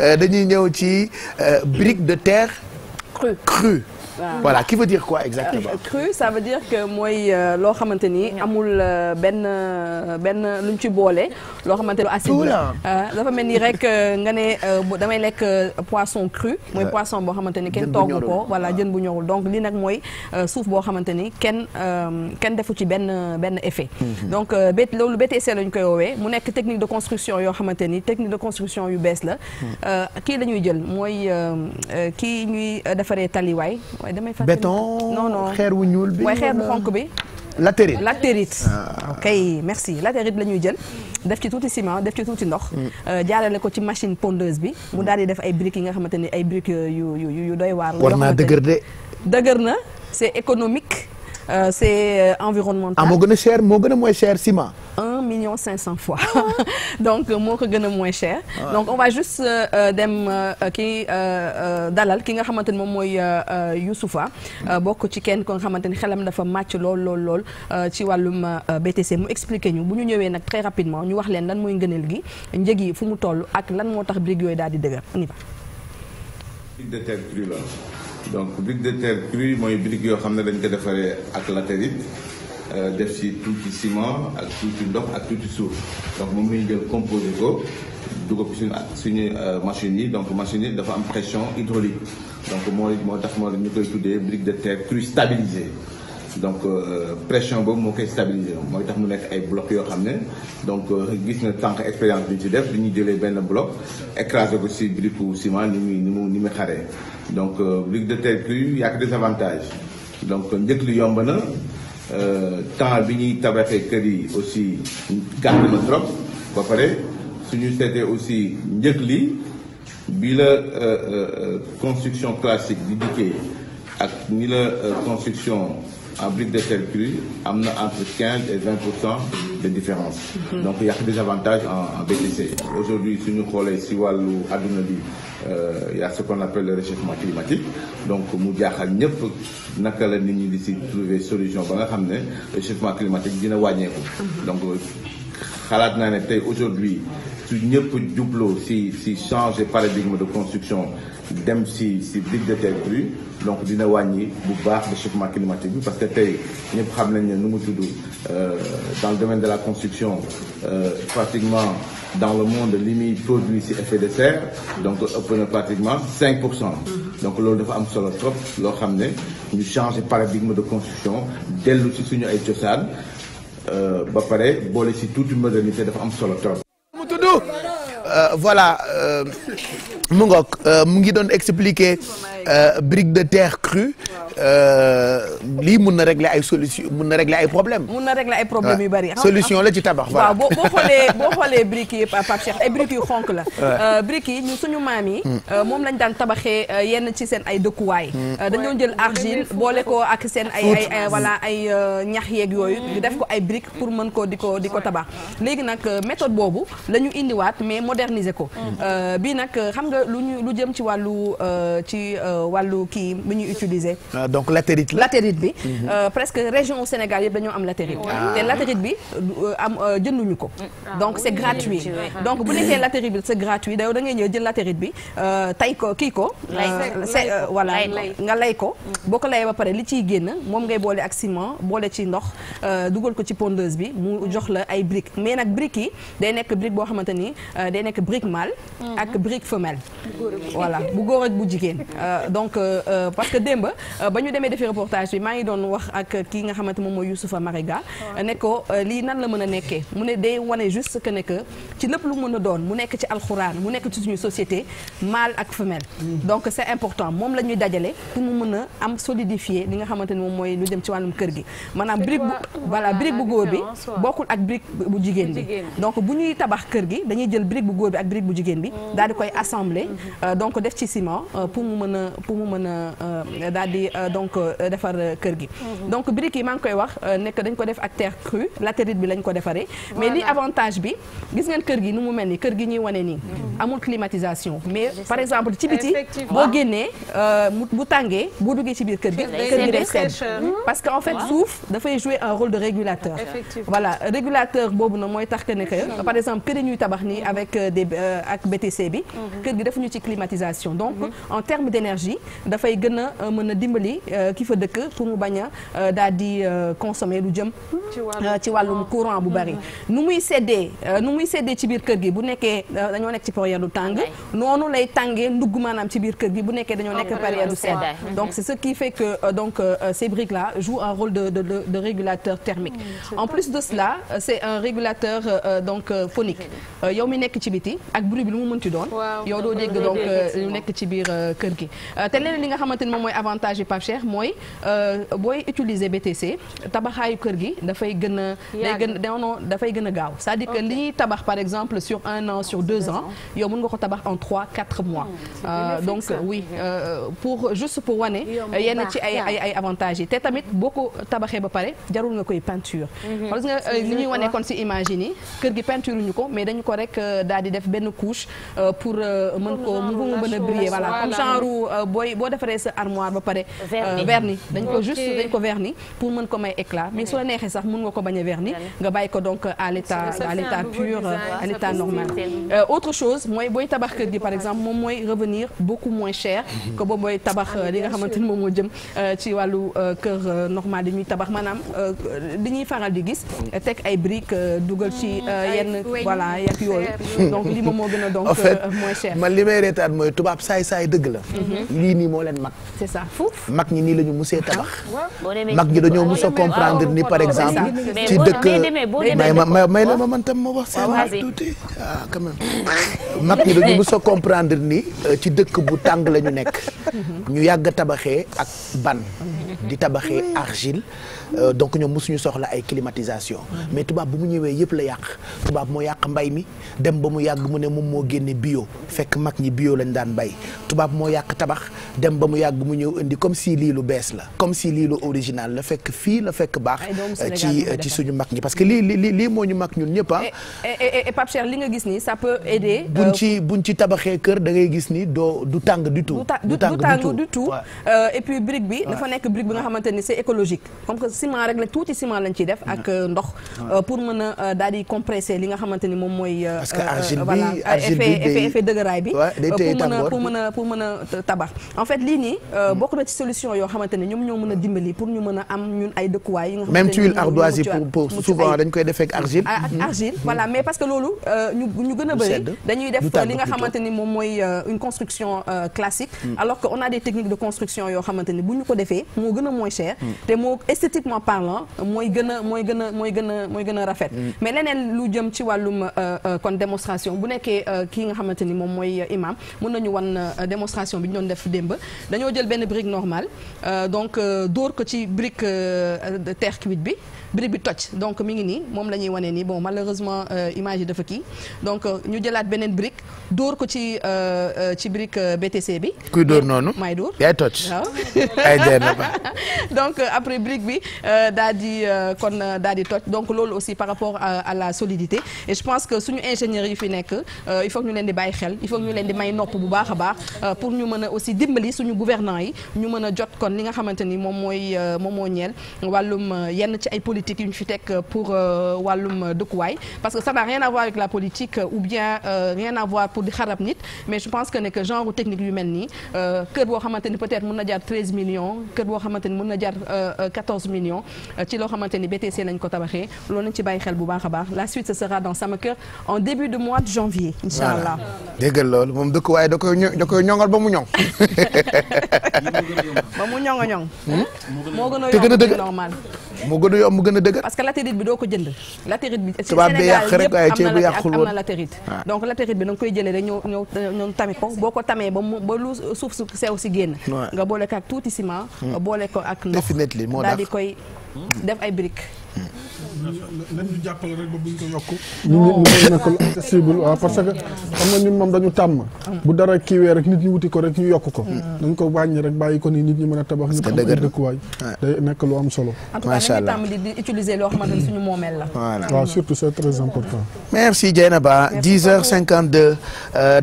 Euh, dañuy ñëw ci euh, brique de terre voilà qui veut dire quoi exactement. Euh, cru ça que mooy euh, loo xamante ni amul euh, benn benn lu ñu ci boole. loo xamante ni acide la dafa mel nii rek nga ne damay lekk poisson cru. mooy poisson boo xamante ni kenn togg ko voilà ah. jën bu ñorul donc lii nag mooy suuf boo xamante ni kenn kenn defu ci benn benn effet. Mhm. donc bét loolu BTC lañ koy woowee mu nekk technique de construction yoo xamante ni technique de construction yu bees la. Mhm. kii la jël mooy kii ñuy defaree taliwaay. waaye damay fàttali béton ah, non non xeer wu ñuul bi waaye xeer bu xonk bi. latérite latérite. Ah. ok merci latérite la ñuy jël. def ci tuuti ciment def ci tuuti ndox. Mm. Euh, jaarale ko ci machine pondeuse bi. mu daal di def ay briques yi nga xamante ni ay briques euh, yu yu yu doy waar. war naa dëgër de. dëgër na c'est économique euh, c'est environnemental. ah moo gën a cher moo gën a mooy cher ciment. un million cinq cent fois ah donc euh, moo ko gën a moins cher ah donc on va juste euh, euh, dem kii dalal ki nga xamante ni moom mooy Youssoufa bokk ci kenn ko nga xamante ni xelam dafa màcc lool lool lool ci wàllum BTC mu expliqué ñu bu ñu ñëwee nag très rapidement ñu wax leen lan mooy ngëneel gi njëg yi fu mu toll ak lan moo tax briques yooyu daal di dëgër on y va de terre crue la donc brique de terre crue mooy brique yoo xam ne dañ ko defaree ak latérite Euh, def si tuuti ciment ak tuuti ndox ak tuuti suuf donc moom la ñu jël composé ko ak suñu suñu euh, machines yi donc machine yi dafa am pression hydraulique donc mooy moo tax moo ñu koy tuddee brique de terre crue stabilisée donc euh, pression boobu moo koy mooy tax mu nekk ay blocs yoo xam ne donc gis na tànk expérience bi ñu ci def ñu jëlee benn bloc écrasé ko si brique ou ciment ni muy ni mu ni muy xaree donc brique de terre crue y a que des avantages donc njëkk li yomb na. Euh, temps bi ñuy tabaxee kër yi aussi gàtt na trop ba pare suñu seetee aussi njëg li bi la euh, euh, construction classique di dikkee ak ni la construction en brique de terre crue am na entre quinze et vingt pour cent de différence. Mhm. donc y a des avantages en en BTC. aujourd'hui suñu xoolee si wàllu adduna bi euh, y a ce qu'on appelle le réchauffement climatique donc mu jaaxal ñëpp naka la nit ñi di si trouver solution ba nga xam ne réchauffement climatique dina wàññeeku. Mhm. donc xalaat naa ne tey aujourd'hui su ñëpp jubloo si si changer paradigme de construction dem si si digue de terre crue donc dina wàññi bu baax réchauffement climatique bi parce que tey ñëpp xam nañ ne nu mu tudd euh, dans le domaine de la construction euh, pratiquement dans le monde li muy produit si effet de serre donc ëpp na pratiquement 5 pour cent mm-hmm. donc loolu dafa am solo trop loo xam ne ñu changer paradigme de construction dellu si suñu ay cosaan euh, ba pare boole si tuuti modernité dafa am solo trop Euh, voilà euh, mu ngoog euh, mu ngi doon expliquer brique de terre crue Euh, lii mun na régler ay solution mun na régler ay problème mun na régler ay problème yu bari solution la ci tabax voilà waaw boo boo xoolee boo xoolee briques yi Pape ay briques yu xonk la euh, briques yi suñu maam yi hmm. euh, moom lañ daan tabaxee yenn ci seen ay dëkkuwaay hmm. dañoo jël argile boole ko ak seen ay ay voilà ay ñax yeeg yooyu ñu def ko ay briques pour mën ko di ko di ko tabax léegi nag méthode boobu la indiwaat mais moderniser ko hmm. bii nag xam nga lu ñu lu jëm ci wàllu ci wàllu kii bi ñu utiliser donc latérite bi. Mhm. Euh, presque région au Sénégal yëpp dañoo am latérite. Ah. te latérite bi euh, am euh, jënduñu ko. Ah, ah, donc c' est gratuit. donc bu nekkee latérite bi c' est gratuit da ko kii ko. lay voilà nga lay ko. Mhm. boo ko layee ba pare li ciy génn moom ngay boole ak ciment boole ci ndox dugal ko ci pondeuse bi mu mhm. jox la ay briques mais nag briques yi day nekk brique boo xamante ni day nekk brique mâle. ak brique femelle. voilà bu góor ak bu jigéen donc parce que démb. ba ñu demee defi reportage bi maa ngi doon wax ak ki nga xamante moom mooy Youssoufa Mariga ne ko euh, lii nan la mën a nekkee mu ne day wane juste que ne que ci lépp lu mën a doon mu nekk ci alxuraan mu nekk ci suñu société mal ak femelle mm-hmm. donc c'est important moom la ñuy dajale pour mu mën a am solidifier li nga xamante ni moom mooy lu dem ci wàllum kër gi maanaam brique bu voilà brique bu góor bi bokkul ak brique bu jigéen bi donc bu ñuy tabax kër gi dañuy jël brique bu góor bi bu jigéen bi mm-hmm. daal di koy assembler mm-hmm. euh, donc def ci ciment euh, pour mu mën a pour mu mën a daal di donc euh, defar euh, kër gi mhm. donc briques yi maa ngi koy wax euh, nekk dañ ko def ak terre crue latérite bi lañ ko defaree mais li avantage bi gis ngeen kër gi nu mu mel ni kër gi ñuy wane nii mhm. amul climatisation mais par exemple ci biti boo génnee bu tàngee boo duggee ci biir kër gi kër gi parce que en fait suuf dafay jouer un rôle de régulateur voilà régulateur boobu na mooy tax que ne que par exemple kër yi ñuy tabax nii mhm. avec des ak BTC bi kër gi defuñu ci climatisation donc en terme d'énergie dafay gën a mën a dimbali may euh, ki fa dëkk pour mu bañ a euh, daal di euh, consommer lu jëm ci wàllum courant bu bari mm-hmm. nu muy seddee nu muy seddee ci biir kër gi bu nekkee dañoo nekk ci période du tàng noonu lay tàngee ndugg maanaam ci biir kër gi bu nekkee dañoo nekk période du sedd mm-hmm. donc c'est ce qui fait que donc ces briques là un rôle de de de, de régulateur thermique mm, en plus de cela c'est un régulateur donc phonique yow mi nekk ci biti ak bruit lu mu mënti doon yow doo dégg donc lu nekk ci biir kër gi Cheikh mooy euh, booy utiliser BTC tabaxaayu kër gi dafay gën a. day gën non non dafay gën a gaaw. sa à dire que li ñuy tabax par exemple sur un an sur deux ans yow mën nga ko tabax en trois quatre mois. Hmm. Euh, donc oui euh, pour juste pour wane. yenn ci ay ay ay avantages yi te tamit boo ko tabaxee ba pare jarul nga koy peinture. Mhm. parce que li ñuy wane kon si image yi kër gi peinture ñu ko mais dañu ko rek daal di def benn couche pour mën ko mu mën a briller voilà comme genre booy boo defaree sa armoire ba pare. Euh, vernis dañ ko juste dañ ko vernis pour mën ko may éclat mais su la neexee sax mën nga ko bañ a vernis nga bàyyi ko donc à l'état à l'état pur à l'état normal euh, autre chose mooy booy tabax kër gi par exemple moom mooy revenir beaucoup moins cher que boobu mooy tabax ah, li nga xamante ni moom moo jëm euh, ci wàllu kër normal di ñuy tabax maanaam li ñuy faral di gis teg ay briques dugal ci mm, yenn voilà yak yooyu donc li moom moo gën a donc moins cher man li may reetaan mooy tubaab saay saay dëgg la mhm. lii mag ñi nii la ñu musee tabax ah, mag ñi dañoo mus a comprendre ni par exemple ci dëkk may ma may la ma man tam ma wax seen wax tuuti ah quand mag ñi dañu mus comprendre ni euh, ci dëkk bu tàng la ñu nekk ñu yàgg tabaxee ak ban di tabaxee mm. argile euh, donc ñoom suñu soxla ay climatisation mm. mais tubaab bu mu ñëwee yëpp la yàq tubaab moo yàq mbay mi dem ba mu yàgg mu ne moom moo génne bio fekk mag ñi bio lañ daan mbay tubaab moo yàq tabax dem ba mu yàgg mu ñëw indi comme si lii lu bees la comme si lii lu original la fekk fii la fekk baax euh, ci euh, ci suñu mag ñi parce que lii li lii moo ñu mag ñun ñëpp ah et li nga gis ni ça peut aider buñ ci ci tabaxee kër da ngay gis ni doo du tàng du tout du tàng du tout nga xamante euh, euh, pour mën a euh, daal di compresser li nga xamante a pour mën a pour a tabax en fait lii nii hmm. bokk na ci solution yoo xamante ñoom ñoo mën a dimbali pour ñu mën a am ñun ay dëkkuwaay yi nga xamante ni pour souvent dañ koy defee ak hmm. argile ah, hmm. argile mais parce que loolu ñu gën a bëri dañuy def li nga xamante moom mooy une construction classique alors que on a des techniques de construction yoo xamante bu ñu ko defee moo gën gën a mooy mm. moo esthétiquement parlant mooy gën a mooy gën mooy gën a mooy gën a rafet mm. mais leneen lu jëm ci wàllum euh, euh, kon démonstration bu nekkee euh, kii nga xamante ni moom mooy imam mun nañu wan démonstration bi ñu doon def démb dañoo jël benn brique normal donc dóor ko ci brique terre cuite bi biri bi toj donc mi ngi nii moom la ñuy wane nii bon malheureusement euh, image yi dafa kii donc euh, ñu jëlaat beneen brique dóor ko ci euh, ci brique BTC bi. kuy dóor noonu. maay dóor yaay toj. waaw ay donc après brique bi daa di kon daa di toj donc loolu aussi par rapport à la solidité e je pense que suñu ingénieurs yi fi nekk il faut ñu leen di bàyyi xel il faut ñu leen di may nopp bu baax a baax pour ñu mën aussi dimbali suñu gouvernants yi ñu mën a jot kon li nga xamante ni moom mooy moom moo ñeel politique yu ñu fi teg euh, pour euh, wàllum euh, dëkkuwaay parce que ça n'a rien à voir avec la politique ou bien rien à voir pour di xarab nit mais je pense que ne que genre technique yu mel nii kër boo xamante ni peut-être mën na jaar 13 millions kër boo xamante ni na jaar 14 millions ci loo xamante ni BTC lañ ko tabaxee loolu nañ ci bàyyi xel bu baax a baax la suite ce sera dans Sama en début de mois de janvier incha allah déggal loolu moom dëkkuwaay da koy da koy ñoŋal ba mu ñoŋ ba mu ñoŋ a ñoŋ hmm? moo gën a yomb normal mu gën a yomb mu gën a dëgër. parce que latérite bi doo ko jënd. latérite bi tubaab bi yàq rek am na latérite ah. donc latérite bi da koy jëlee rek ñëw ñëw ñëw tami ko boo ko tamee ba mu ba lu suuf su sew si génn. nga boole ko ak tuuti ciment. Hmm. boole ko ak ndox daal di koy hmm. def ay briques. Hmm. nañ ñu jàppale rek ba buñ ko yokk ñu nit ñi nekk accessible waaw ah, parce que xam nga ñun moom dañu tàmm bu dara kiiwee rek nit ñi wuti ko rek ñu yokk ko dañ ko wàññi rek bàyyi ko ni nit ñi mën a tabax ñu am dëkkuwaay ah. day nekk lu am solo macha allah en surtout c'est très important merci Dieynaba 10h52